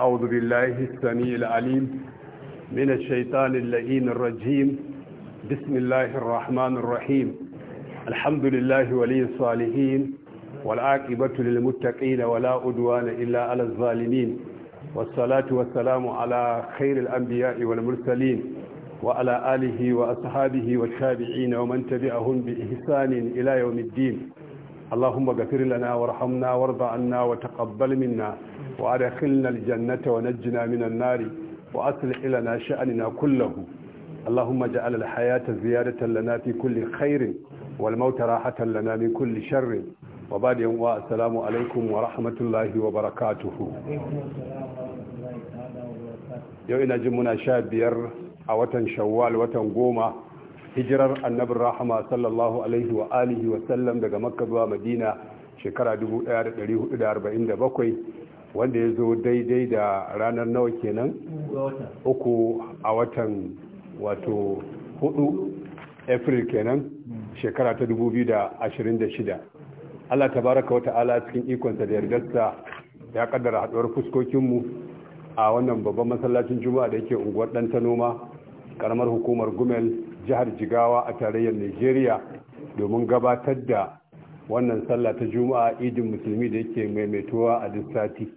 أعوذ بالله السميع العليم من الشيطان اللئين الرجيم بسم الله الرحمن الرحيم الحمد لله ولي الصالحين والعاقبة للمتقين ولا أدوان إلا على الظالمين والصلاة والسلام على خير الأنبياء والمرسلين وعلى آله وأصحابه والتابعين ومن تبعهم بإحسان إلى يوم الدين اللهم اغفر لنا وارحمنا وارض عنا وتقبل منا وأدخلنا الجنة ونجنا من النار وأصلح لنا شأننا كله اللهم اجعل الحياة زيادة لنا في كل خير والموت راحة لنا من كل شر وبعد يوم السلام عليكم ورحمة الله وبركاته yau ina jin muna sha biyar a watan shawwal watan goma hijirar annabin rahama sallallahu alaihi wa alihi wa sallam daga makka zuwa madina shekara 1447 wanda ya zo daidai da ranar nawa kenan uku a watan wato hudu april kenan shekara ta 2026 allah ta baraka wata ala cikin ikonsa da yardarsa ya kaddara haduwar fuskokinmu a wannan babban masallacin juma'a da yake unguwar dan ta noma karamar hukumar gumel jihar jigawa a tarayyar nigeria domin gabatar da wannan sallah ta juma'a idin musulmi da yake maimaituwa a duk sati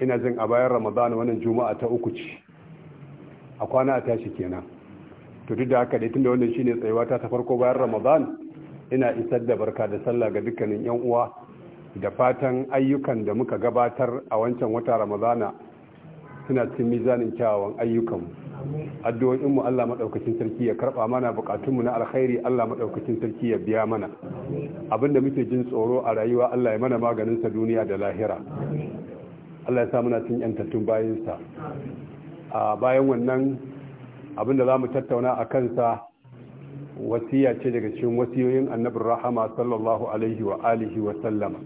ina jin a bayan ramadan wannan juma'a ta uku ce a kwana a tashi kenan to duk da haka dai tunda wannan shine tsayuwa ta ta farko bayan ramadan ina isar da barka da sallah ga dukkanin yan uwa da fatan ayyukan da muka gabatar a wancan wata ramadana suna cikin mizanin kyawawan ayyukanmu addu'o'in mu Allah madaukakin sarki ya karba mana bukatunmu na alkhairi Allah maɗaukacin sarki ya biya mana abinda muke jin tsoro a rayuwa Allah ya mana maganin sa duniya da lahira Allah ya sa muna cin yantattun bayin sa a bayan wannan abinda zamu tattauna a kansa wasiya ce daga cikin wasiyoyin Annabi rahama sallallahu alaihi wa alihi wa sallama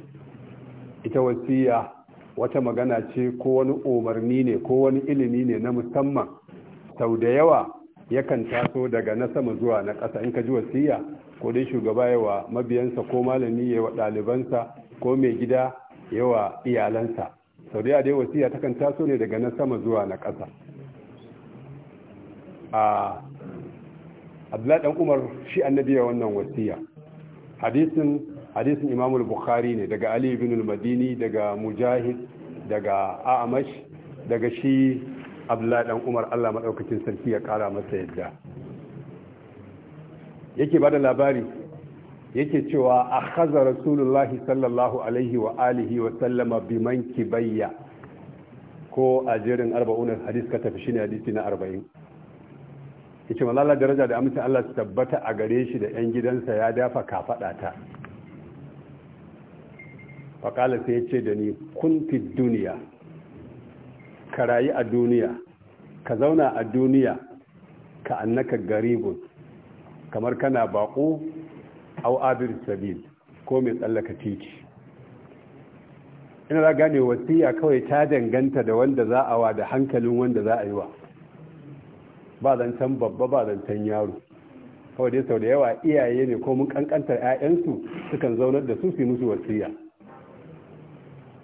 ita wasiya wata magana ce ko wani umarni ne ko wani ilimi ne na musamman sau da yawa yakan taso daga na sama zuwa na ƙasa in ka ji wasiya ko dai shugaba yawa mabiyansa ko malami yawa ɗalibansa ko mai gida yawa iyalansa sau da dai wasiya takan taso ne daga na sama zuwa na ƙasa a abdullahi umar shi annabi ya wannan wasiya hadisin hadisin imam bukhari ne daga ali ibn al-madini daga mujahid daga a'amash daga shi abdullahi dan umar allah maɗaukacin sarki ya ƙara masa yadda yake ba da labari yake cewa a haza rasulullahi sallallahu alaihi wa alihi wa sallama biman kibayya ko a jerin arba'unan hadis ka tafi shi ne hadisi na arba'in yake malala daraja da amincin Allah su tabbata a gare shi da 'yan gidansa ya dafa kafaɗa ta fakalasa ya ce da ni kun duniya ka rayu a duniya ka zauna a duniya ka annaka garibun kamar kana baƙo au abir sabil ko mai tsallaka titi ina za gane wasiya kawai ta danganta da wanda za a wa da hankalin wanda za a yi wa ba zancen babba ba zancen yaro kawai dai sau da yawa iyaye ne ko mun kankantar 'ya'yansu sukan zaunar da su su musu wasiya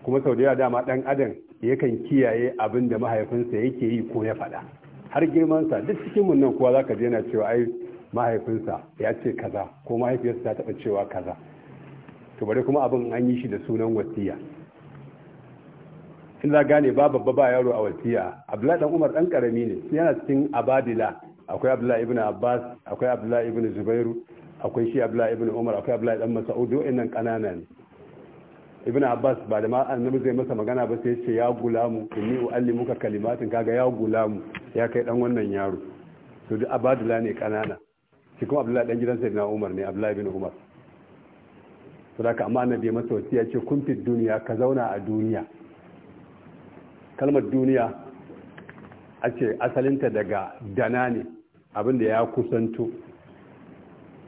kuma sau da yawa dama dan adam yakan kiyaye abin da mahaifinsa yake yi ko ya faɗa har girmansa duk cikin nan kuwa za ka je na cewa ai mahaifinsa ya ce kaza ko mahaifiyarsa ta taba cewa kaza to bari kuma abin an yi shi da sunan wasiya in za gane ba babba ba yaro a wasiya abdullahi dan umar dan karami ne yana cikin abadila akwai abdullahi ibn abbas akwai abdullahi ibn zubairu akwai shi abdullahi ibn umar akwai abdullahi dan mas'ud wa'annan kanana ne ibn abbas ba da ma annabi zai masa magana ba sai ce ya gulamu inni uallimuka kalimatin kaga ya gulamu ya kai dan wannan yaro to duk Abdullahi ne kanana shi kuma abdullahi dan gidan sayyidina umar ne abdullahi bin umar to da amma annabi masa wasiya ce kun fit duniya ka zauna a duniya kalmar duniya a ce asalinta daga dana ne abinda ya kusanto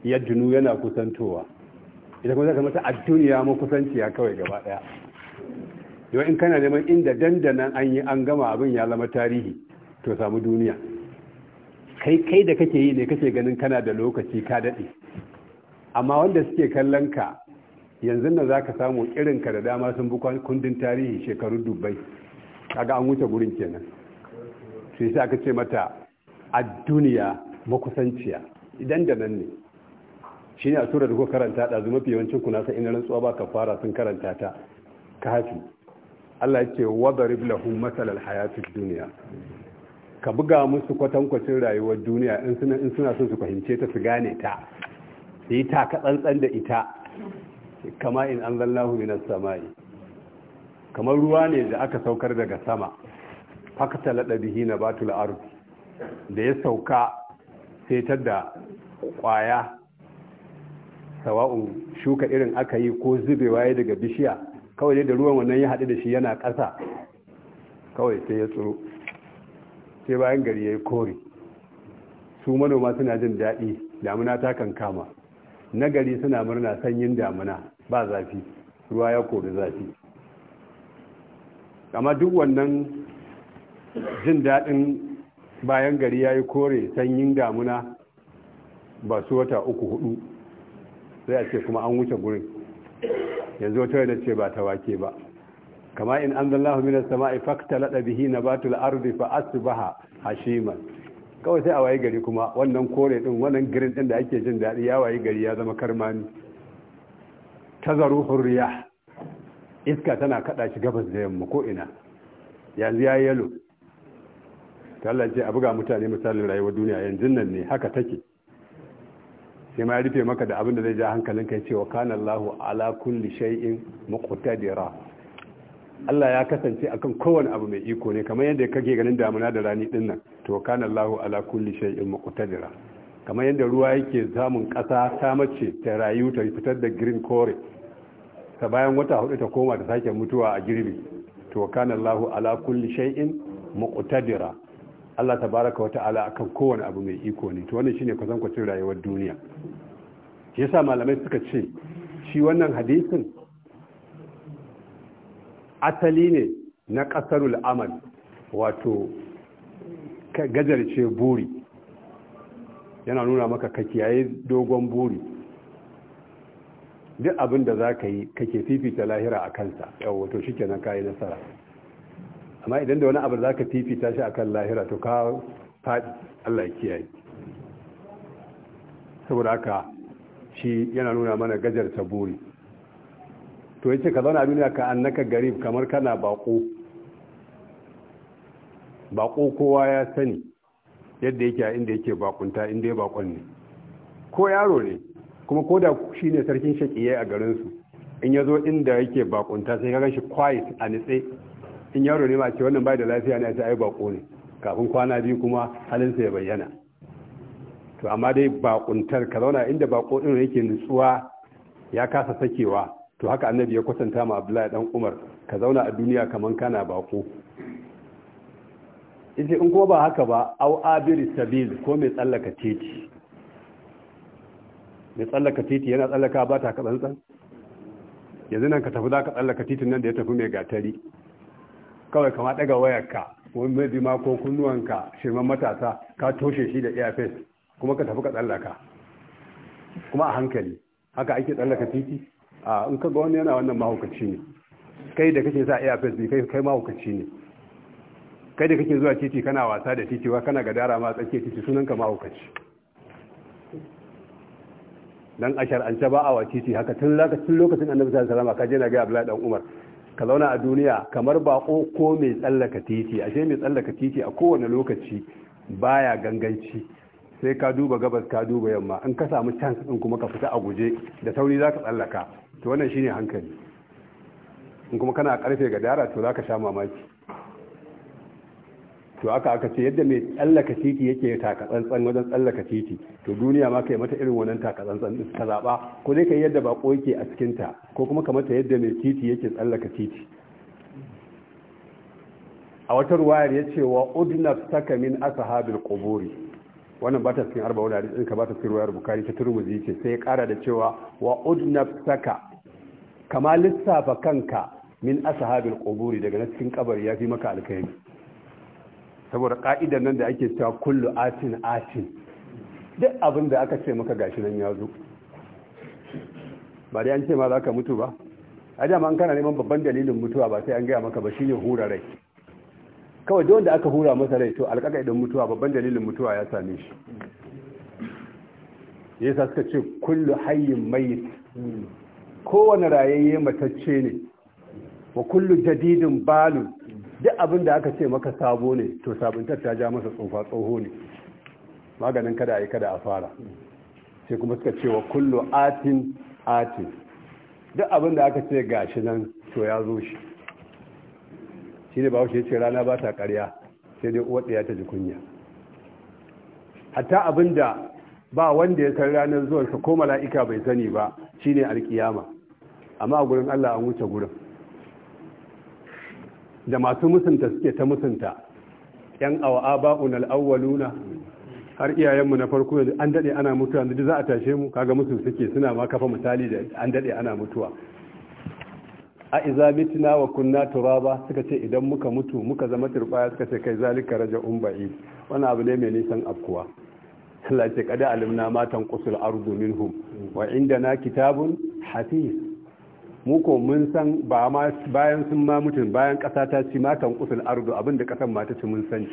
ya dunu yana kusantowa ita kuma zaka mata adduniya mu kusanciya kawai gaba daya yau in kana neman inda dandanan an yi an gama abin ya zama tarihi to samu duniya kai kai da kake yi ne kake ganin kana da lokaci ka dade amma wanda suke kallon ka yanzu nan zaka samu irin ka da dama sun bi kundin tarihi shekaru dubbai kaga an wuce gurin kenan sai sai aka ce mata addunya makusanciya idan da nan ne shi ne a tura da ku karanta ɗazu mafi yawancin kuna sa ina rantsuwa ba ka fara sun karanta ta ka hafi Allah ya ce wadarib lahum matsalar hayatid duniya ka buga musu kwatankwacin rayuwar duniya in suna sun su fahimce ta su gane ta su yi ta tsantsan da ita kama in an hu minas samai kamar ruwa ne da aka saukar daga sama bihi na batul ardh da ya sauka sai da kwaya sawa'un shuka irin aka yi ko zubewa ya daga bishiya kawai dai da ruwan wannan ya haɗu da shi yana ƙasa kawai sai ya tsoro sai bayan gari ya yi kore su manoma suna jin daɗi damuna ta kan kama na gari suna murna sanyin damuna ba zafi ruwa ya kori zafi amma duk wannan jin daɗin bayan gari ya yi kore sanyin damuna ba su wata uku hudu sai a ce kuma an wuce gurin yanzu wata da ce ba ta wake ba kama in an sama a ta laɗa bihi nabatul ardi fa asbaha hashiman kawai sai a waye gari kuma wannan kore ɗin wannan girin ɗin da ake jin daɗi ya waye gari ya zama karmani zaru hurriya iska tana kaɗa shi gabas da yamma ko ina yanzu ya yi yalo ta lalace a buga mutane misalin rayuwar duniya yanzu nan ne haka take sai ma ya rufe maka da abin da zai ja hankalin kai cewa kana Allahu ala kulli shay'in muqtadira Allah ya kasance akan kowane abu mai iko ne kamar yadda kake ganin damuna da rani din nan to kana Allahu ala kulli shay'in muqtadira kamar yadda ruwa yake samun kasa ta mace ta rayu ta fitar da green core ta bayan wata hudu ta koma ta sake mutuwa a girbi to kana Allahu ala kulli shay'in muqtadira Allah tabaraka wa ta'ala akan kowane abu mai iko ne to wannan shine kusan kwacin rayuwar duniya shi yasa malamai suka ce shi wannan hadisin asali ne na kasarul amal wato gajarce buri yana nuna maka ka kiyaye dogon buri duk abin da za ka yi kake fifita lahira a kansa yau wato shi kenan ka yi nasara amma idan da wani abu za ka fifita shi akan lahira to ka faɗi Allah ya kiyaye saboda haka shi yana nuna mana gajar ta buri to yace ka zauna a duniya ka annaka garib kamar kana bako bako kowa ya sani yadda yake a inda yake bakunta inda ya bakon ne ko yaro ne kuma ko da shi ne sarkin shaƙiyai a garinsu in ya zo inda yake bakunta sai ka gan shi kwayi a nitse in yaro ne ma ce wannan bai da lafiya ne a ce ai bako ne kafin kwana biyu kuma halinsa ya bayyana to amma dai bakuntar ka zauna inda bako din yake nutsuwa ya kasa sakewa to haka annabi ya kwatanta ma abdullahi dan umar ka zauna a duniya kaman kana bako yace in ko ba haka ba au abiri sabil ko mai tsallaka titi mai tsallaka titi yana tsallaka ba ta ka tsantsan yanzu nan ka tafi za ka tsallaka titin nan da ya tafi mai gatari kawai kama daga wayarka wani mai bima ko kunnuwanka shirman matasa ka toshe shi da airfest kuma ka tafi ka tsallaka kuma a hankali haka ake tsallaka titi a in ka ga wani yana wannan mahaukaci ne kai da kake sa airfest ne kai kai mahaukaci ne kai da kake zuwa titi kana wasa da titi wa kana gadara ma tsakiyar titi sunanka mahaukaci dan ashar an ba a wa titi haka tun lokacin annabi sallallahu alaihi wasallam ka je na ga Abdullahi dan Umar ka zauna a duniya kamar bako ko mai tsallaka titi ashe mai tsallaka titi a kowane lokaci baya ganganci sai ka duba gabas ka duba yamma in ka samu chance din kuma ka fita a guje da sauri za ka tsallaka to wannan shine hankali in kuma kana karfe ga dara to za ka sha mamaki to aka aka ce yadda mai tsallaka titi yake taka tsantsan wajen tsallaka titi to duniya ma kai mata irin wannan taka tsantsan din ka zaba ko dai kai yadda bako yake a cikin ta ko kuma ka mata yadda mai titi yake tsallaka titi a wata ruwayar ya ce wa udnaf saka min ashabil quburi wannan ba ta cikin arba wurare din ka ba ta cikin ruwayar bukari ta turmuzi ce sai ya kara da cewa wa udnaf saka kama lissafa kanka min ashabil quburi daga na cikin kabari ya fi maka alkhairi saboda ka'idar nan da ake cewa kullu atin atin duk abin da aka ce maka gashi nan ya zo ba dai an ce ma za ka mutu ba a dama an kana neman babban dalilin mutuwa ba sai an gaya maka ba shine hura rai kawai duk wanda aka hura masa rai to alƙaƙa idan mutuwa babban dalilin mutuwa ya same shi yasa suka ce kullu hayyin mayit kowane rayayye matacce ne wa kullu jadidin balu duk abin da aka ce maka sabo ne to sabuntar ta ja masa tsofa tsoho ne maganin kada a yi kada a fara sai kuma suka cewa wa kullu atin atin duk abin da aka ce gashi nan to ya zo shi shi ne ba ya ce rana ba ta karya sai dai uwa ɗaya ta ji kunya hatta abin da ba wanda ya san ranar zuwarsa ko mala'ika bai sani ba shi ne alkiyama amma a gurin Allah an wuce gurin da masu musunta suke ta musunta yan awa Auwalu na. har iyayenmu na farko yanzu an daɗe ana mutuwa yanzu za a tashe mu kaga musu suke suna ma kafa misali da an daɗe ana mutuwa a mitina wa kunna turaba suka ce idan muka mutu muka zama turbaya suka ce kai zalika raja ba'id Wani abu ne mai nisan afkuwa Allah ce kada alimna matan qusul ardu minhum wa indana kitabun hafiz mu ko mun san ba ma bayan sun ma mutun bayan ƙasa ta ci ma kan kusul ardu abinda ƙasan ma ta ci mun sani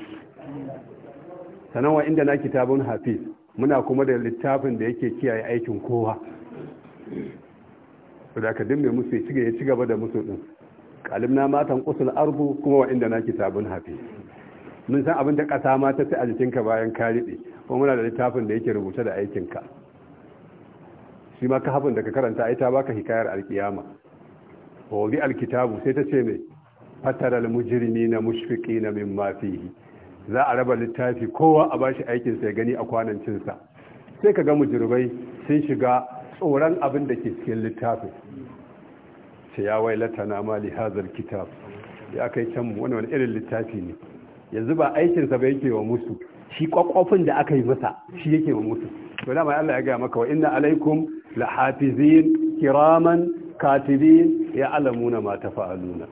wa inda na kitabun hafiz muna kuma da littafin da yake kiyaye aikin kowa da ka dimme musu ya ci gaba da musu din kalimna matan kusul arbu kuma wa inda na kitabun hafiz mun san abin da ƙasa ma ta ci a jikinka bayan ka riɓe kuma muna da littafin da yake rubuta da aikinka shi ma ka hafin da ka karanta ai ta baka hikayar alkiyama wa alkitabu sai ta ce mai fataral mujrimi na mushfiki na min mafihi za a raba littafi kowa a bashi aikin sai gani a kwanan cinsa sai ka ga mujirbai sun shiga tsoron abin da ke cikin littafin ce ya wai latana ma li hazal kitab ya kai can wani wani irin littafi ne yanzu ba aikinsa ba yake wa musu shi kwakwafin da aka yi masa shi yake wa musu to dama Allah ya gaya maka wa inna alaikum lahafizin kiraman katibin ya alamuna ma ta fa'aluna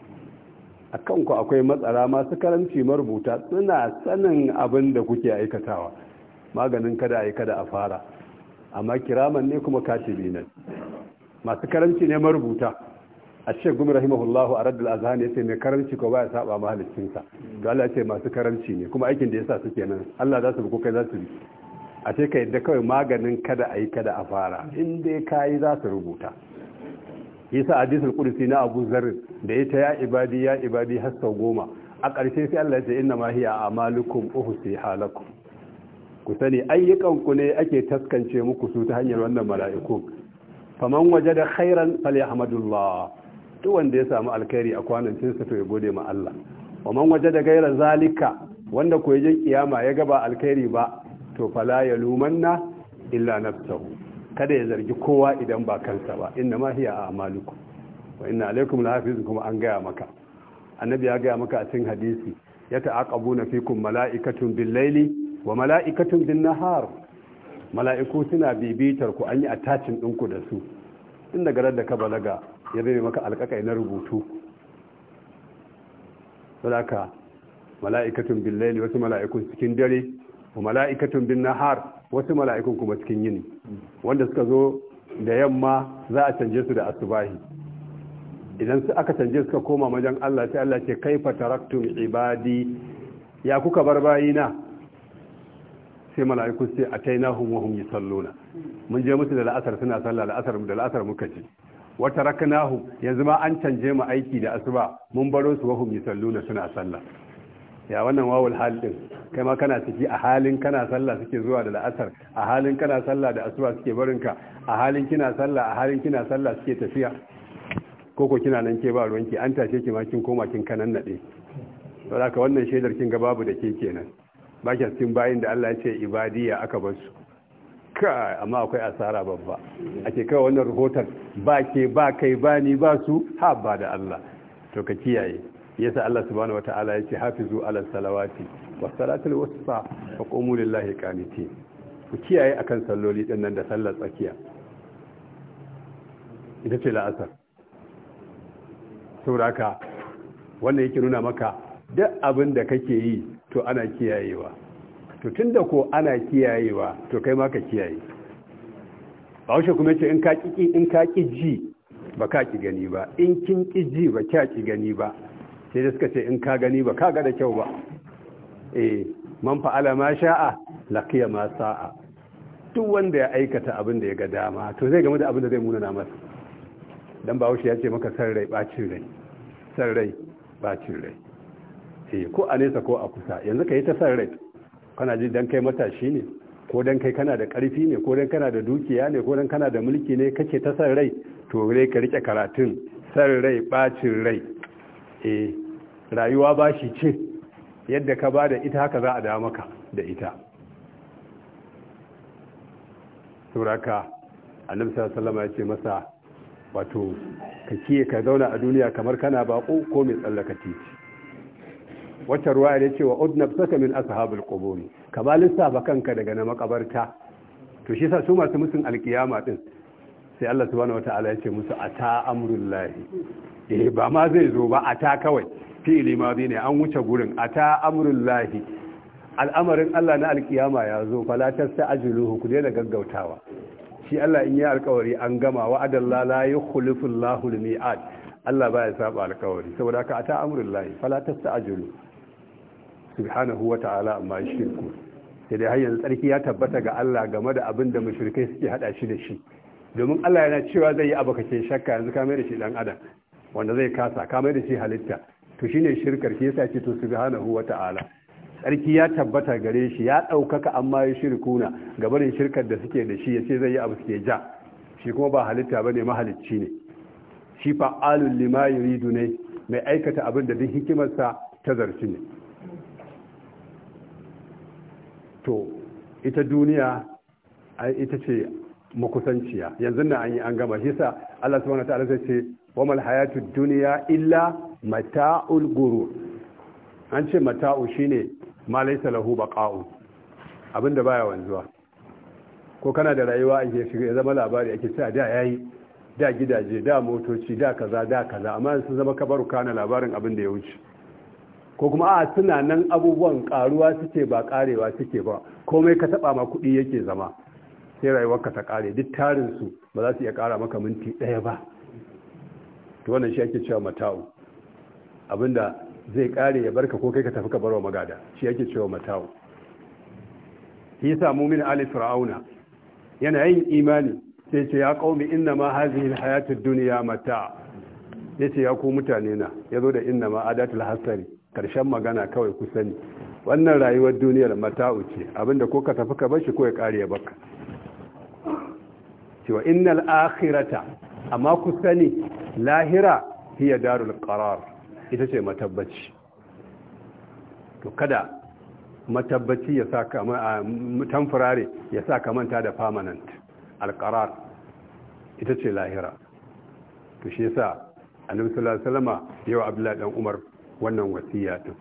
a kanku akwai matsara masu karanci marubuta suna sanin abin da kuke aikatawa maganin kada a yi kada a fara amma kiraman ne kuma kashibi nan masu karanci ne marubuta a ce gumi rahimahullahu a raddul azhan ya ce mai karanci ko baya saba mahalicinsa to Allah ce masu karanci ne kuma aikin da ya sa suke nan Allah za su bi kai za su bi a ce ka yadda kawai maganin kada a yi kada a fara in dai kayi za su rubuta yasa hadisul qudsi na Abu zarin da ita ya ibadi ya ibadi har sau goma a ƙarshe sai Allah ya ce inna ma hiya amalukum uhsi halakum ku sani ayyukan ku ne ake taskance muku su ta hanyar wannan mala'iku faman wajada khairan falyahmadullah duk wanda ya samu alkhairi a kwanan cinsa to ya gode ma Allah waman da gaira zalika wanda ko yajin kiyama ya gaba alkhairi ba to fala yalumanna illa nafsahu kada ya zargi kowa idan ba kansa ba inna ma hiya a amaliku wa inna alaikum lahafizun kuma an gaya maka annabi ya gaya maka a cikin hadisi ya na fikum mala'ikatun bin laili wa mala'ikatun bin nahar mala'iku suna bibitar ku an yi attachin ɗinku da su inda garar da ka balaga ya zai maka alƙaƙa na rubutu sadaka mala'ikatun bin laili wasu mala'ikun cikin dare wa mala'ikatun bin nahar wasu mala'ikun kuma cikin yini wanda suka zo da yamma za a canje su da asubahi idan su aka canje suka koma majan Allah sai Allah ce kaifa taraktum ibadi ya kuka bar bayina sai mala'iku sai atainahum wa hum yusalluna mun je musu da la'asar suna sallah la'asar da la'asar muka ce wa taraknahum yanzu ma an canje mu aiki da asuba mun baro su wa hum yusalluna suna sallah ya wannan wawul hal din kai ma kana ciki a halin kana sallah suke zuwa da la'asar a halin kana sallah da asuba suke barinka a halin kina sallah a halin kina sallah suke tafiya koko kina nan ke ba ruwanki an tashe ki ma kin koma kin kanan nade saboda ka wannan shaidar kin ga babu da ke kenan ba ki cikin bayin da Allah ya ce ibadiya aka bar su ka amma akwai asara babba ake kai wannan rahoton ba ke ba kai ba ni ba su ha ba da Allah to ka kiyaye yasa Allah subhanahu wata'ala yace hafizu ala salawati was salatul wusta fa qumu lillahi qanitin ku kiyaye akan salloli din nan da sallar tsakiya ita ce la'asar sauraka wannan yake nuna maka duk abin da kake yi to ana kiyayewa to tunda ko ana kiyayewa to kai ma ka kiyaye Ba wuce kuma ce in ka ƙi in ka ƙi ji ba ka ƙi gani ba in kin ƙi ji ba ka ƙi gani ba sai da suka ce in ka gani ba ka ga da kyau ba eh man fa'ala ma sha'a laqiya ma sa'a duk wanda ya aikata abin da ya ga dama to zai game da abin da zai muna masa dan bahaushe ya ce maka san rai bacin rai san rai bacin rai eh ko a nesa ko a kusa yanzu ka yi ta san rai kana ji dan kai matashi ne ko dan kai kana da karfi ne ko dan kana da dukiya ne ko dan kana da mulki ne kake ta san rai to rai ka rike karatun san rai bacin rai eh rayuwa ba shi ce yadda ka ba da ita haka za a da maka da ita turaka annabi sallallahu ya ce masa wato ka kiye ka zauna a duniya kamar kana baƙo ko mai tsallaka titi wacce ruwa ya ce wa udna saka min ashabul ka ba lissafa kanka daga na makabarta to shi sa su masu musun alkiyama ɗin sai Allah subhanahu ya ce musu ata amrullahi eh ba ma zai zo ba ata kawai fi'ili madi ne an wuce gurin ata amrul lahi al'amarin Allah na alkiyama ya zo fala ajiyar ku daina gaggautawa shi Allah in yi alkawari an gama wa'adallahu la yukhlifu Allahu al-mi'ad Allah baya saba alkawari saboda haka ata amrul lahi fala tasta'jilu subhanahu wa ta'ala amma shirku sai dai hanyar tsarki ya tabbata ga Allah game da abin da mushrikai suke hada shi da shi domin Allah yana cewa zai yi abu shakka yanzu ka mai da shi dan adam wanda zai kasa ka mai da shi halitta to shine shirkar shi yasa ce to subhanahu wata'ala sarki ya tabbata gare shi ya ɗaukaka amma ya shirkuna barin shirkar da suke da shi ya ce zai yi abu suke ja shi kuma ba halitta ba ne mahalicci ne shi fa'alun lima yuridu ne mai aikata abin da duk hikimarsa ta zarci ne to ita duniya ita ce makusanciya yanzu nan an yi an gama shi sa Allah subhanahu wa ta'ala zai ce wa mal hayatud dunya illa mata'ul guru an ce mata'u shine ma laysa lahu baqa'u abinda baya wanzuwa ko kana da rayuwa ake shiga ya zama labari ake cewa da yayi da gidaje da motoci da kaza da kaza amma sun zama kabaru kana labarin abin da ya wuce ko kuma a suna nan abubuwan karuwa suke ba karewa suke ba komai ka taba ma kuɗi yake zama sai rayuwarka ta kare duk tarin su ba za su iya kara maka minti ɗaya ba to wannan shi ake cewa mata'u abinda zai kare ya barka ko kai ka tafi ka barwa magada shi yake cewa matawo shi yasa mumin ali fir'auna yana yin imani sai ce ya qaumi inna ma hadhihi alhayatud dunya mata yace ya ku mutane na yazo da inna ma adatul hasari karshen magana kawai ku sani wannan rayuwar duniyar mata'u ce abinda ko ka tafi ka bar shi ko ya kare ya barka cewa innal akhirata amma ku sani lahira hiya darul qarar ita ce matabbaci to kada matabbaci ya sa kama a tamfurare ya sa kamanta da permanent alqarar ita ce lahira to shi yasa annabi sallallahu alaihi wasallama yawa abdullahi dan umar wannan wasiya din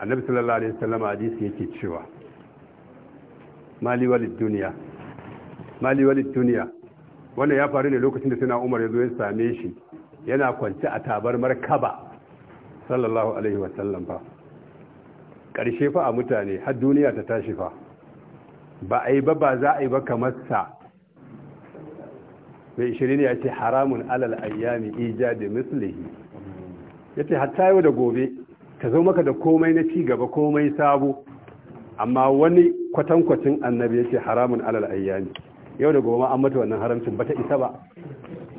annabi sallallahu alaihi wasallam hadisi yake cewa mali walid duniya mali walid duniya wannan ya faru ne lokacin da suna umar ya zo ya same shi yana kwance a tabarmar kaba sallallahu alaihi wasallam fa ƙarshe fa a mutane har duniya ta tashi fa ba a yi ba ba za a yi ba kamar sa mai shirin ya ce haramun alal ayyami ijadi mislihi ya ce hatta yau da gobe ka zo maka da komai na cigaba komai sabo amma wani kwatankwacin annabi ya ce haramun alal ayyami yau da gobe an mata wannan haramcin ba ta isa ba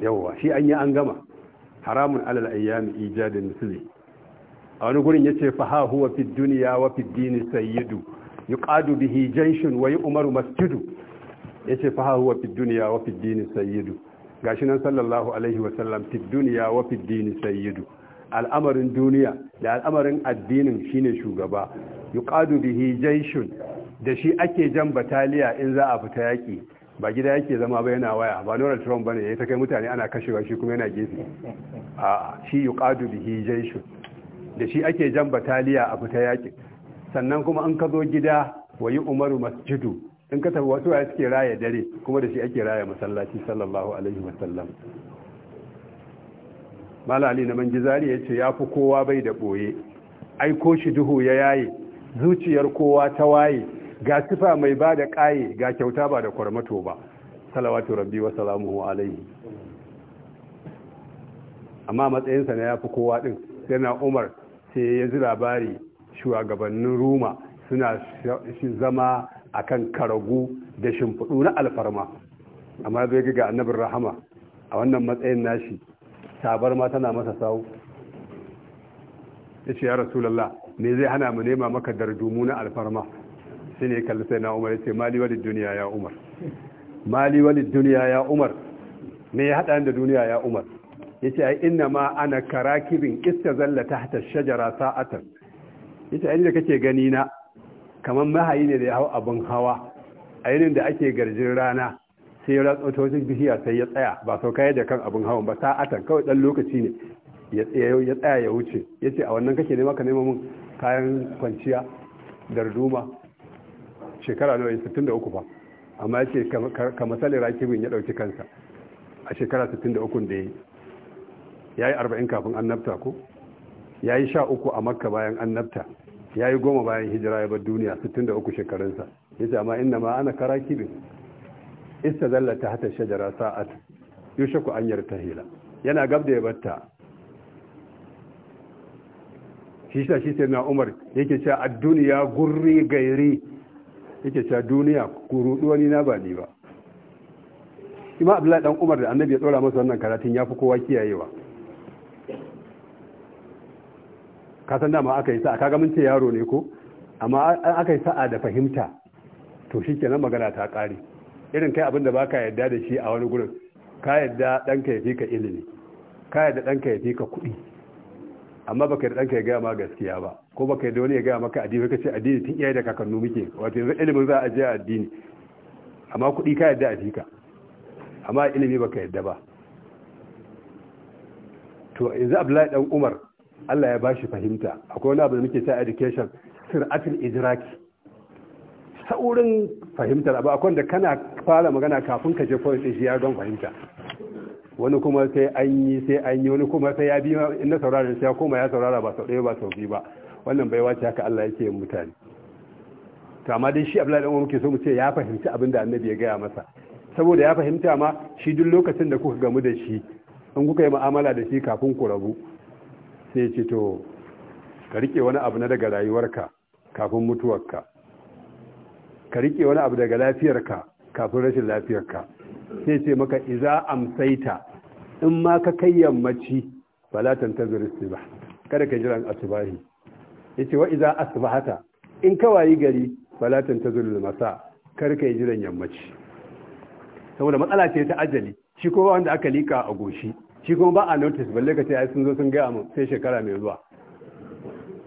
yauwa shi an yi an gama haramun alal ayyami ijadin misli a wani gurin yace fa ha huwa fi dunya wa fi dini sayyidu yuqadu bihi janshun wa yu'maru masjidu yace fa ha huwa fi dunya wa fi dini sayyidu gashi nan sallallahu alaihi wa sallam fi dunya wa fi dini sayyidu al'amarin duniya da al'amarin addinin shine shugaba yuqadu bihi janshun da shi ake jan bataliya in za a fita yaki ba gida yake zama ba yana waya ba Donald Trump bane yayi ta kai mutane ana kashewa shi kuma yana gefe a shi yuqadu bihi jayshu da shi ake jan bataliya a fita yaki. sannan kuma an ka zo gida wayi umaru masjidu in ka tafi wasu ya suke raya dare kuma da shi ake raya masallaci sallallahu alaihi wasallam ali na manjizari ya ce ya fi kowa bai da ɓoye aiko shi duhu ya yaye zuciyar kowa ta waye ga sifa mai ba da ƙaye ga kyauta ba da kwarmato ba salawatu rabbi wa salamuhu alaihi amma matsayinsa na ya fi kowa ɗin yana umar sai ya ji labari shugabannin ruma suna zama a kan karagu da shimfiɗu na alfarma amma zai ga annabin rahama a wannan matsayin nashi sabar ma tana masa sawu ya ce ya rasulallah me zai hana mu nema maka dardumu na alfarma shi ne kalli sai na umar ya ce mali wani duniya ya umar mali wani duniya ya umar me ya haɗa da duniya ya umar ya ce ai inna ma ana karakibin iska zalla ta hata shajara sa'atar ya ce da kake gani na kamar mahayi ne da ya hau abin hawa a yinin da ake garjin rana sai ya ratsa wajen bishiya sai ya tsaya ba sau kaya da kan abin hawan ba sa'atar kawai dan lokaci ne ya tsaya ya wuce ya ce a wannan kake nema ka nema mun kayan kwanciya darduma shekara nawa 63 ba amma ya ce ka masalin rakibin ya ɗauki kansa a shekara 63 da ya yi ya yi 40 kafin annabta ko ya yi 13 a makka bayan annabta ya yi goma bayan hijira ya bar duniya 63 shekarunsa ya ce amma inna ma ana kara kibin ista zalla ta hata shajara sa'at yushaku anyar tahila yana gab da ya batta shi shi sai na umar yake cewa ad-duniya gurri gairi yake cewa duniya ko rudu wani na ba ni ba imam abdullahi dan umar da annabi ya tsora masa wannan karatun ya fi kowa kiyayewa ka san dama aka yi sa'a kaga mun ce yaro ne ko amma aka yi sa'a da fahimta to shikenan magana ta kare irin kai abin da baka yadda da shi a wani gurin ka yadda danka ya fi ka ilimi ka yadda danka ya fi ka kuɗi amma baka yadda danka ya gaya ma gaskiya ba ko baka yadda wani ya gaya maka addini ce addini tun iyaye da kakannu muke wato yanzu ilimi za a je addini amma kuɗi ka yadda a fika amma ilimi baka yadda ba to yanzu Abdullahi dan Umar Allah ya bashi fahimta akwai wani abu da muke ta education sir'atul idraki saurin fahimtar abu akwai da kana fara magana kafin ka je point shi ya don fahimta wani kuma sai an yi sai an yi wani kuma sai ya bi na sauraron sai ya koma ya saurara ba sau ɗaya ba sau biyu ba wannan baiwa ce haka Allah yake yin mutane to amma dai shi Abdullahi dan muke so mu ce ya fahimci abin da Annabi ya gaya masa saboda ya fahimta ma shi duk lokacin da kuka gamu da shi in kuka yi mu'amala da shi kafin ku rabu sai ce to ka rike wani abu na daga rayuwarka kafin mutuwarka ka rike wani abu daga lafiyarka kafin rashin lafiyarka sai ce maka iza amsaita in ma ka kai yammaci la tantazir ba kada ka jiran asubahi yace wa iza asbahata in ka wayi gari fala tantazul masa kar kai jiran yammaci saboda matsala ce ta ajali shi ko wanda aka lika a goshi shi kuma ba a notice balle ka ce ai sun zo sun gaya mun sai shekara mai zuwa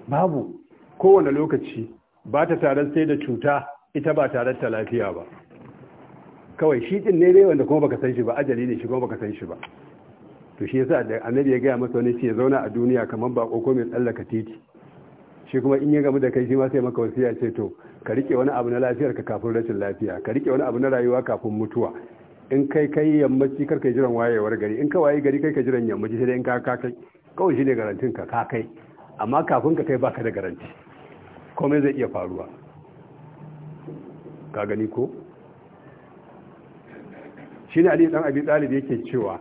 babu kowane lokaci ba ta tare sai da cuta ita ba tare ta lafiya ba kawai shi din ne wanda kuma baka san shi ba ajali ne shi kuma baka san shi ba to shi yasa annabi ya gaya masa wani shi ya zauna a duniya kamar ba ko mai tsallaka titi shi kuma in ya gamu da kai shi ma sai maka wasiya ce to ka rike wani abu na lafiyar ka kafin rashin lafiya ka rike wani abu na rayuwa kafin mutuwa in kai kai yammaci kar kai jiran wayewar gari in ka waye gari kai ka jiran yammaci sai dai in ka ka kai kawai ne garantin ka ka kai amma kafin ka kai baka da garanti komai zai iya faruwa ka gani ko shine Ali dan Abi Talib yake cewa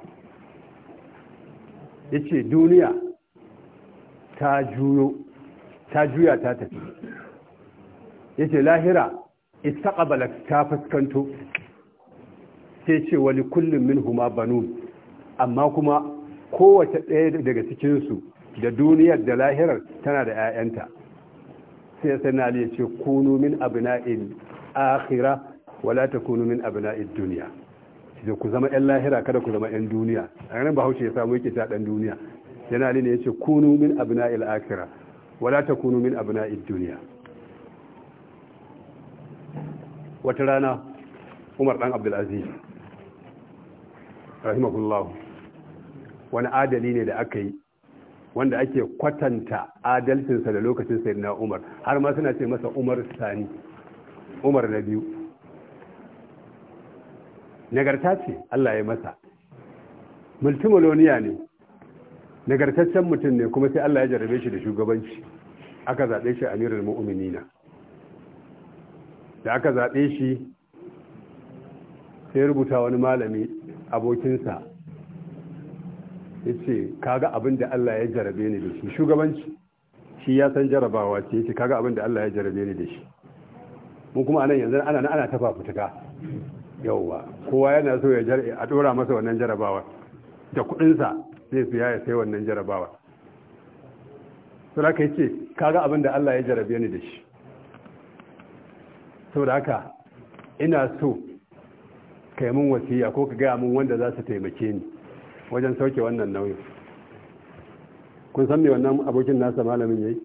yace duniya ta juyo ta juya ta tafi yace lahira ita istaqbalat ta fuskanto sai ce wali kullum huma banun amma kuma kowace ɗaya daga cikinsu da duniyar da lahirar tana da 'ya'yanta sai ya na ce kunu min abina'il akhira wala ta kunu min abina'il duniya da ku zama 'yan lahira kada ku zama 'yan duniya a ranar bahaushe ya samu yake ta ɗan duniya yana ali ne ya ce kunu min abina'il akira. wala takunu min abna'id duniya. wata rana Umar dan abdulaziz rahimahullahu wani adali ne da aka yi wanda ake kwatanta adalcinsa da lokacin sayyidina Umar har ma suna ce masa Umar Sani Umar na biyu nagarta ce Allah ya masa multimoloniya ne nagartaccen mutum ne kuma sai Allah ya jarabe shi da shugabanci aka zaɓe shi amirul mu'minina da aka zaɓe shi sai rubuta wani malami abokinsa ya ce kaga abin da Allah ya jarabe ni da shi shugabanci shi ya san jarabawa ce ce kaga abin da Allah ya jarabe ni da shi mun kuma anan yanzu ana ana tafa fafutuka yauwa kowa yana so ya a dora masa wannan jarabawa da kuɗinsa sai su yaya sai wannan jarabawa saboda ce kaga abin da Allah ya jarabe ni da shi saboda haka ina so ka yi mun wasiya ko ka gaya mun wanda za su taimake ni wajen sauke wannan nauyin kun san me wannan abokin nasa malamin yayi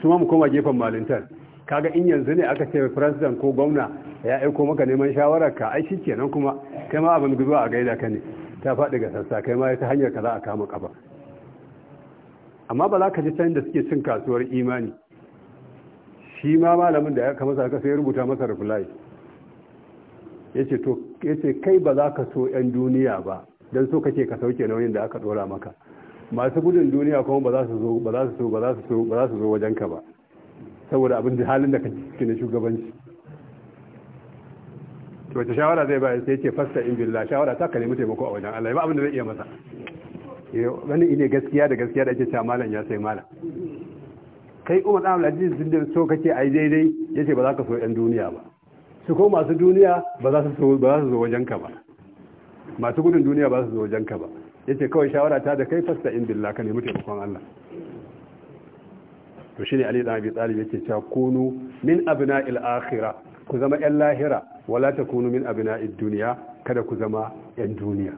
su ma mu koma gefen malintar kaga in yanzu ne aka ce president ko gwamna ya aiko maka neman shawarar ka ai shikenan kuma kai ma abin gudu a gaida ka ne ta faɗi ga sassa kai ma ta hanyar ka za a kama kafa amma ba za ka ji sanin da suke cin kasuwar imani shi ma malamin da ya kama sa aka sai rubuta masa ya ce to ce kai ba za ka so yan duniya ba don so kake ka sauke nauyin da aka dora maka masu gudun duniya kuma ba za su zo ba za su so ba za su so wajenka ba saboda abin da halin da kake cikin shugabanci to wace shawara zai bayar sai ce fasta in billah shawara ta ka mutu taimako a wajen Allah ba abin da zai iya masa eh, wani ne gaskiya da gaskiya da ake cewa malam ya sai malam kai Umar Abdul Aziz din da so kake ai daidai yace ba za ka so yan duniya ba su ko masu duniya ba za su so ba za su zo wajen ka ba masu gudun duniya ba su zo wajen ka ba yace kawai shawara ta da kai fasta in billah ka nemi taimakon Allah to shine Ali dan Abi Talib yace cewa kunu min abna'il akhirah ku zama 'yan lahira wala ta kunu min duniya kada ku zama 'yan duniya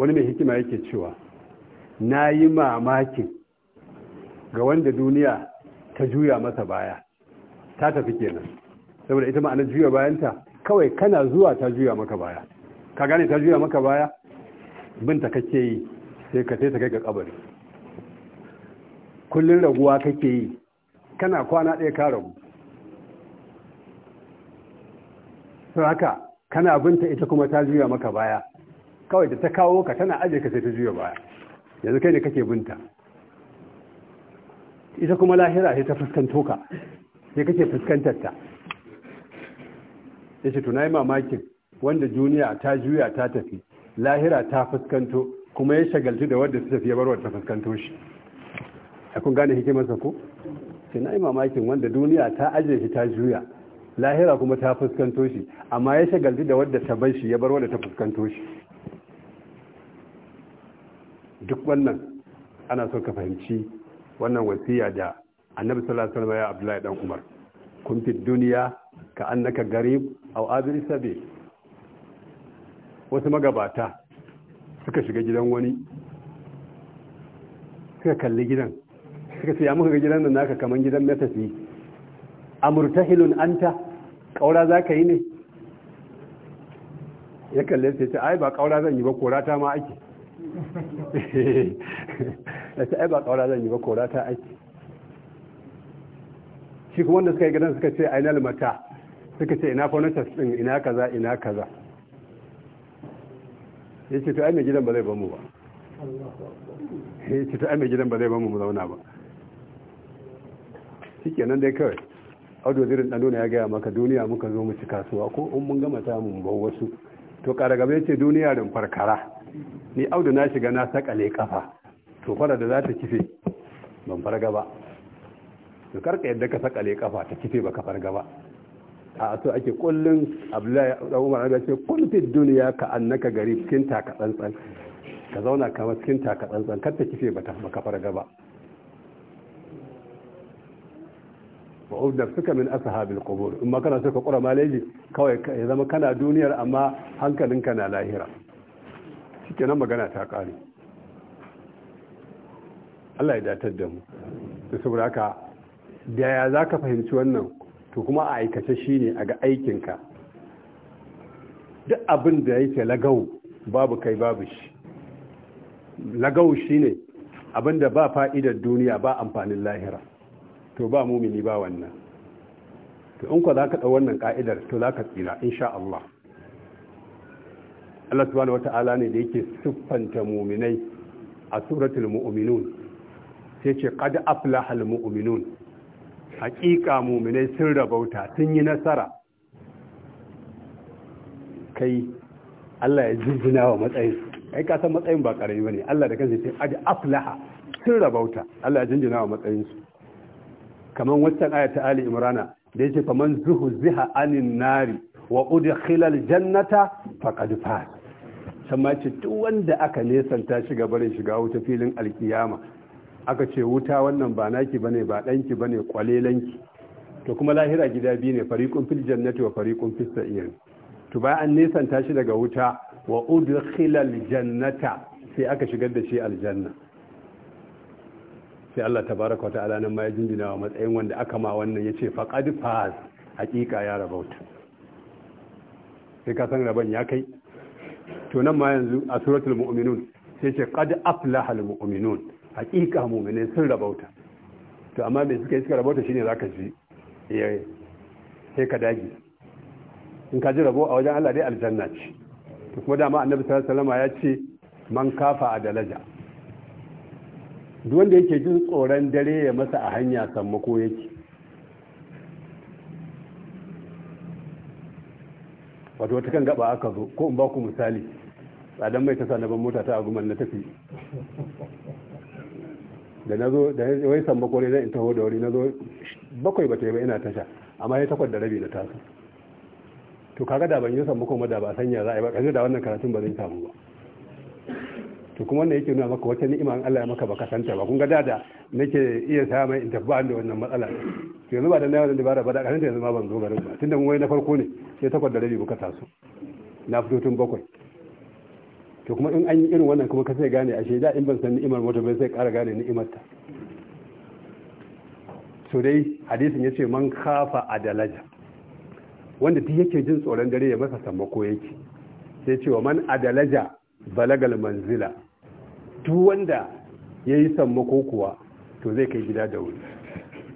wani mai hikima yake cewa na yi mamakin ga wanda duniya ta juya masa baya ta tafi kenan saboda ita ma'ana juya bayanta kawai kana zuwa ta juya maka baya ka gane ta juya maka baya ta kake yi sai ka sai ta kai ga kabari kullun raguwa kake yi kana kwana ɗaya ka rabu sau haka kana binta ita kuma ta juya maka baya kawai da ta kawo ka tana ajiye ka sai ta juya baya yanzu kai ne kake binta ita kuma lahira sai ta fuskanto ka sai kake fuskantar ta yace to yi mamakin wanda duniya ta juya ta tafi lahira ta fuskanto kuma ya shagaltu da wanda su tafiye ya bar ta fuskanto shi a kun gane hikimarsa ko ce na yi mamakin wanda duniya ta aje shi ta juya lahira kuma ta fuskanto shi amma ya shagaltu da wadda ta bai shi ya bar wadda ta fuskanto shi duk wannan ana so ka fahimci wannan wasiya da annabi sallallahu alaihi wasallam ya abdullahi dan umar kun fi duniya ka annaka garib aw abir sabi wasu magabata suka shiga gidan wani suka kalli gidan suka ce ya muka ga gidan nan naka kaman gidan matafi amurtahilun anta kaura za ka yi ne ya kalle sai ce ai ba kaura zan yi ba korata ma ake ya ce ai ba kaura zan yi ba korata ake shi kuma wanda suka yi gidan suka ce ainihin mata suka ce ina furniture din ina kaza ina kaza ya ce to ai mai gidan ba zai ba mu ba ya ce to ai mai gidan ba zai ba mu zauna ba nan dai kawai audu zirin ɗanuna ya gaya maka duniya muka zo mu ci kasuwa ko in mun gama ta mun bau wasu to ƙara gaba ce duniya don farkara ni audu na shiga na sakale kafa to fara da za ta kife ban farga ba to karka yadda ka sakale kafa ta kife baka farga ba a to ake kullun abdullahi da umar ya ce kun fi duniya ka annaka gari cikin ka tsantsan ka zauna kamar cikin ka tsantsan kar ta kife baka farga ba wa suka min ashabil qubur in ma kana so ka kura maleji kawai ya zama kana duniyar amma hankalinka na lahira shikenan magana ta kare Allah ya datar da mu da saboda haka da ya zaka fahimci wannan to kuma a aikace shine a ga ka duk abin da yake lagau babu kai babu shi lagau shine abinda ba fa'idar duniya ba amfanin lahira to ba mumini ba wannan to in ku za ka ɗau wannan ka'idar to za ka tsira insha Allah Allah subhanahu wata'ala ne da yake siffanta muminai a suratul mu'minun sai ce qad aflaha muminun haƙiƙa muminai sun rabauta sun yi nasara kai Allah ya jinjina wa matsayin kai ka san matsayin ba karami bane Allah da kansa ce qad aflaha sun rabauta Allah ya jinjina wa matsayin su kaman wancan aya ta Ali Imrana da yake faman zuhu ziha anin nari wa udkhilal jannata, faqad faz san ma ce duk wanda aka nesanta shi ga barin shiga wuta filin alkiyama aka ce wuta wannan ba naki bane ba danki bane kwalelanki to kuma lahira gida biyu ne fariqun fil jannati wa fariqun fis sa'ir to ba an nesanta shi daga wuta wa udkhilal jannata, sai aka shigar da shi aljanna sai Allah tabaraka baraka ta'ala nan ma ya jinjina wa matsayin wanda aka ma wannan ya ce faƙad faas hakika ya rabauta sai ka san rabon ya kai to nan ma yanzu a suratul mu'minun sai ce qad aflaha al mu'minun hakika mu'minin sun rabauta to amma me suka yi suka rabauta shine zaka ji eh sai ka dage in ka ji rabo a wajen Allah dai aljanna ce to kuma dama annabi sallallahu alaihi wasallam ya ce man kafa adalaja duk wanda yake jin tsoron dare ya masa a hanya sammako yake wato wata kan gaba aka zo ko in ba ku misali tsadan mai ta sanaban mota ta aguman na tafi da na zo da wai sammako ne zan in taho da wuri na zo bakwai ba ta yi ba ina tasha amma ya takwas da rabi na taso to kaga da ban yi sammako ma da ba sanya za a yi ba kaje da wannan karatun ba zai samu ba to kuma wannan yake nuna maka wata ni'ima in Allah ya maka baka santa ba kun ga dada nake iya samun in tafi da wannan matsala to yanzu ba da nawa da dabara ba da kanin yanzu ma ban zo garin ba tunda mun wai na farko ne sai takwas da rabi muka taso na fito tun bakwai to kuma in an yi irin wannan kuma ka sai gane a da in ban san ni'imar wata bai sai ƙara gane ni'imar ta to dai hadisin yace man kafa adalaja wanda duk yake jin tsoron dare ya masa sammako yake sai cewa man adalaja balagal manzila tu wanda ya yi sammako kuwa to zai kai gida da wuri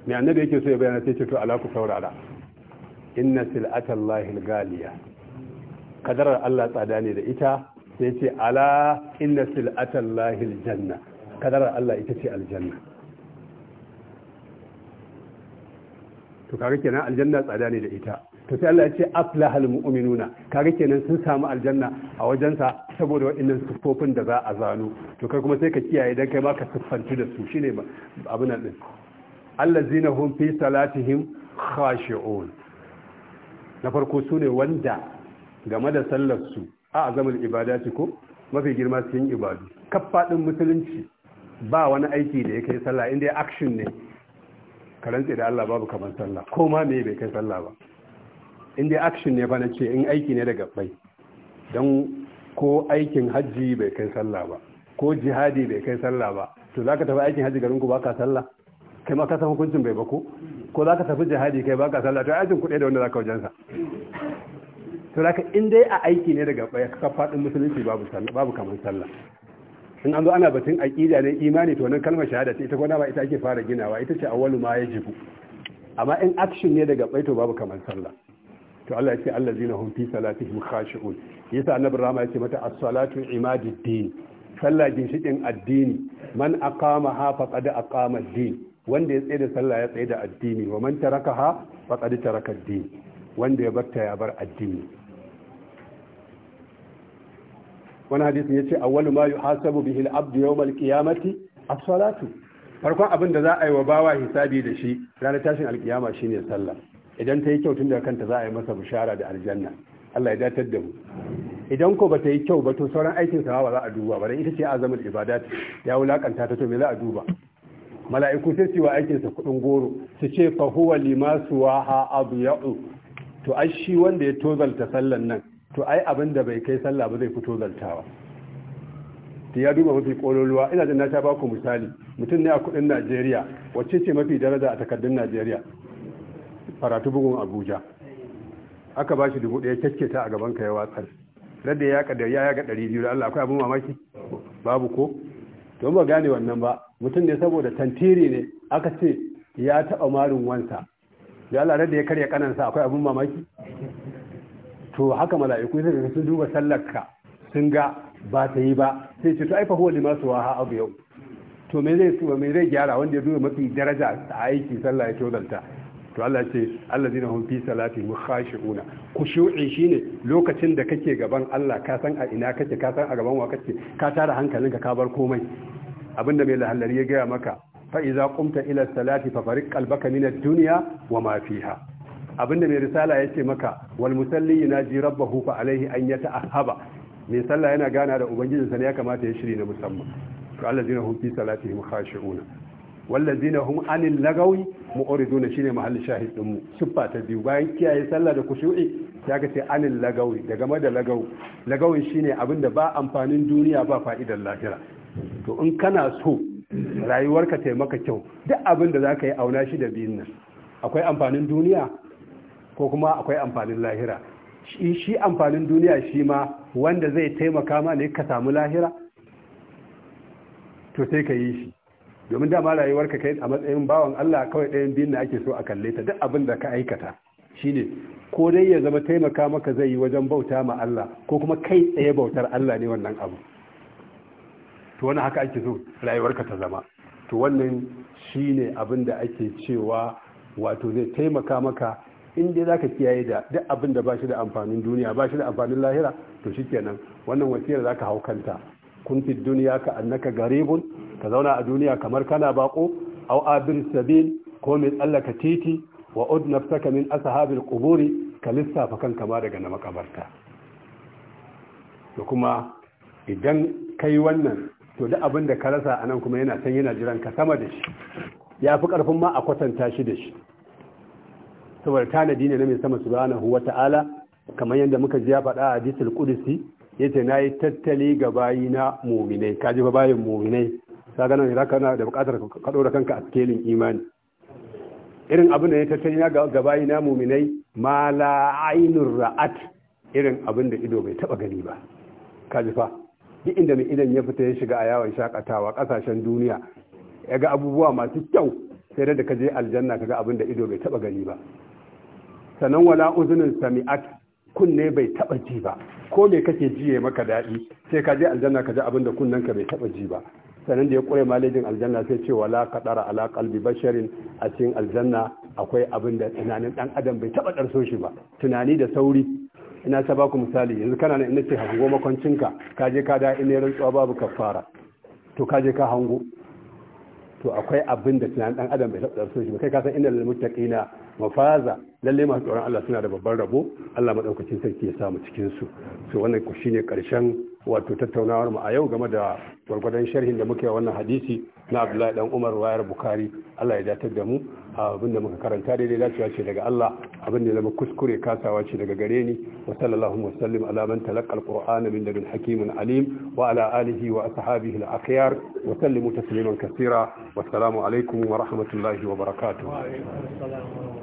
mai annabi yake so ya bayyana sai ce to ala ku saurara inna sil'atallahi galiya kadarar Allah tsada ne da ita sai ce ala inna sil'atallahi janna. kadarar Allah ita ce aljanna to kaga kenan aljanna tsada ne da ita to sai Allah ya ce aflahal mu'minuna kaga kenan sun samu aljanna a wajensa saboda waɗannan siffofin da za a zano to kai kuma sai ka kiyaye dan kai ma ka siffantu da su shine abin nan din allazina hum fi salatihim khashi'un na farko su ne wanda game da sallar su a azamul ibadati ko mafi girma cikin ibadu kafadin musulunci ba wani aiki da ya kai sallah inda action ne ka rantse da Allah babu kamar sallah ko ma me bai kai sallah ba in dai action ne ba na ce in aiki ne da gabbai don ko aikin hajji bai kai sallah ba ko jihadi bai kai sallah ba to zaka tafi aikin hajji garin ku ka sallah kai ma ka san hukuncin bai ba ko ko zaka tafi jihadi kai ba ka sallah to ajin kuɗe da wanda zaka wajen sa to zaka in dai a aiki ne da gabbai ka faɗin musulunci babu sallah babu kamar sallah in an zo ana batun aqida ne imani to wannan kalmar shahada ce ita ko ba ita ake fara ginawa ita ce awwalu ma yajibu amma in action ne daga baito babu kamar sallah to Allah ya ce allazina hum fi salatihim khashi'un yasa annabi rama ya ce mata as-salatu imaduddin sallah ginshikin addini man aqama ha faqad aqama ad-din wanda ya tsaye da sallah ya tsaye da addini wa man tarakaha faqad taraka ad-din wanda ya barta ya bar addini wani hadisin ce, awwalu ma yuhasabu bihi al-abd yawm al-qiyamati as-salatu farkon abin da za a yi wa bawa hisabi da shi ranar tashin alkiyama shine sallah idan ta yi kyau tun da kanta za a yi masa bishara da aljanna Allah ya datar da mu idan ko bata yi kyau ba to sauran aikin sa ba za a duba ba dan ita ce azamul ibadat ya wulakanta ta to me za a duba mala'iku sai su wa aikin sa kudin goro su ce fa huwa limasu wa ha abyu to ai shi wanda ya tozalta sallan nan to ai abinda bai kai sallah ba zai fito zaltawa Ta ya duba mafi kololuwa ina da na ta baku misali mutum ne a kudin Najeriya wacce ce mafi daraja a takardun Najeriya faratu bugun abuja aka ba shi dubu ɗaya kyakke ta a gaban ka ya watsar radda ya kadar ya ga ɗari biyu da Allah akwai abin mamaki babu ko don ba gane wannan ba mutum ne saboda tantiri ne aka ce ya taɓa marin wansa da Allah radda ya karya kanansa akwai abin mamaki to haka mala'iku sai ga sun duba sallarka sun ga ba ta yi ba sai ce to ai fa huwa limasu waha abu yau to me zai me zai gyara wanda ya duba mafi daraja a aiki sallah ya kyautar to Allah ce allazina hum fi salati mukhashi'una shi shine lokacin da kake gaban Allah ka san a ina kake ka san a gaban wa kake ka tara hankalinka ka bar komai abinda mai lahallari ya gaya maka fa iza qumta ila salati fa fariq qalbaka min ad-dunya wa ma fiha abinda mai risala ya ce maka wal musalli yunaji rabbahu fa alayhi an yata'ahaba mai sallah yana gana da ubangijinsa ne ya kamata ya shiri na musamman to allazina hum fi salatihim khashi'una wallazina hum anin lagawi mu'ridun shine mahallin shahid din mu siffa ta biyu bayan kiyaye sallah da kushu'i ya ga sai anil lagawi da game da lagawi lagawi shine abin da ba amfanin duniya ba fa'idar lahira to in kana so rayuwarka ta maka kyau duk abin da zaka yi auna shi da biyun nan akwai amfanin duniya ko kuma akwai amfanin lahira shi amfanin duniya shi ma wanda zai taimaka ma ne ka samu lahira to sai ka yi shi domin dama rayuwarka kai a matsayin bawan Allah kawai ɗayan biyun da ake so a kalle ta duk abin da ka aikata shine ko dai ya zama taimaka maka zai yi wajen bauta ma Allah ko kuma kai tsaye bautar Allah ne wannan abu to wani haka ake so rayuwarka ta zama to wannan shine abin da ake cewa wato zai taimaka maka in dai zaka kiyaye da duk abin da bashi da amfanin duniya bashi da amfanin lahira to shi shikenan wannan wasiyar zaka haukanta kun fi duniya ka annaka garibun ka zauna a duniya kamar kana bako au abir sabil ko mai tsallaka titi wa ud nafsaka min ashabil quburi ka lissafa kanka ma daga na makabarta to kuma idan kai wannan to duk abin da ka rasa anan kuma yana san yana jiran ka sama da shi ya fi karfin ma a kwatanta shi da shi saboda tanadi ne na mai sama subhanahu ta'ala kamar yadda muka ji ya faɗa a hadisul qudsi yace nayi tattali ga bayina mu'minai kaji ba bayin mu'minai ta gano ne zaka na da bukatar ka dora kanka a skelin imani irin abin da ya tattali na gaba na muminai ma la ainur ra'at irin abin da ido bai taba gani ba kaji fa duk inda mai idan ya fita ya shiga a yawon shakatawa kasashen duniya ya ga abubuwa masu kyau sai da ka je aljanna kaga abin da ido bai taba gani ba sannan wala uzunin sami'at kunne bai taba ji ba ko me kake ji ya maka daɗi sai ka je aljanna ka ji abin da kunnen ka bai taba ji ba Sannan da ya kure malajin aljanna sai ce wala kadara ala qalbi basharin a cikin aljanna akwai abin da tunanin dan adam bai taba darso shi ba tunani da sauri ina ta baku misali yanzu kana nan ina ce hango makwancinka ka je ka da ina rantsuwa babu kafara to ka je ka hango to akwai abin da tunanin dan adam bai taba darso shi ba kai ka san innal muttaqina mafaza lalle masu tsoron Allah suna da babban rabo Allah madaukakin sarki ya samu cikin su so wannan ku shine karshen wato tattaunawar mu a yau game da gwargwadon sharhin da muke wannan hadisi na abdullahi dan umar wayar bukari allah ya datar da mu abin da muka karanta daidai dacewa ce daga allah abin da zama kuskure kasawa ce daga gare ni wa sallallahu wa sallim ala man talaqa alquran min ladun hakimin alim wa ala alihi wa ashabihi al-akhyar wa sallimu tasliman katsira wa assalamu alaikum wa rahmatullahi wa barakatuh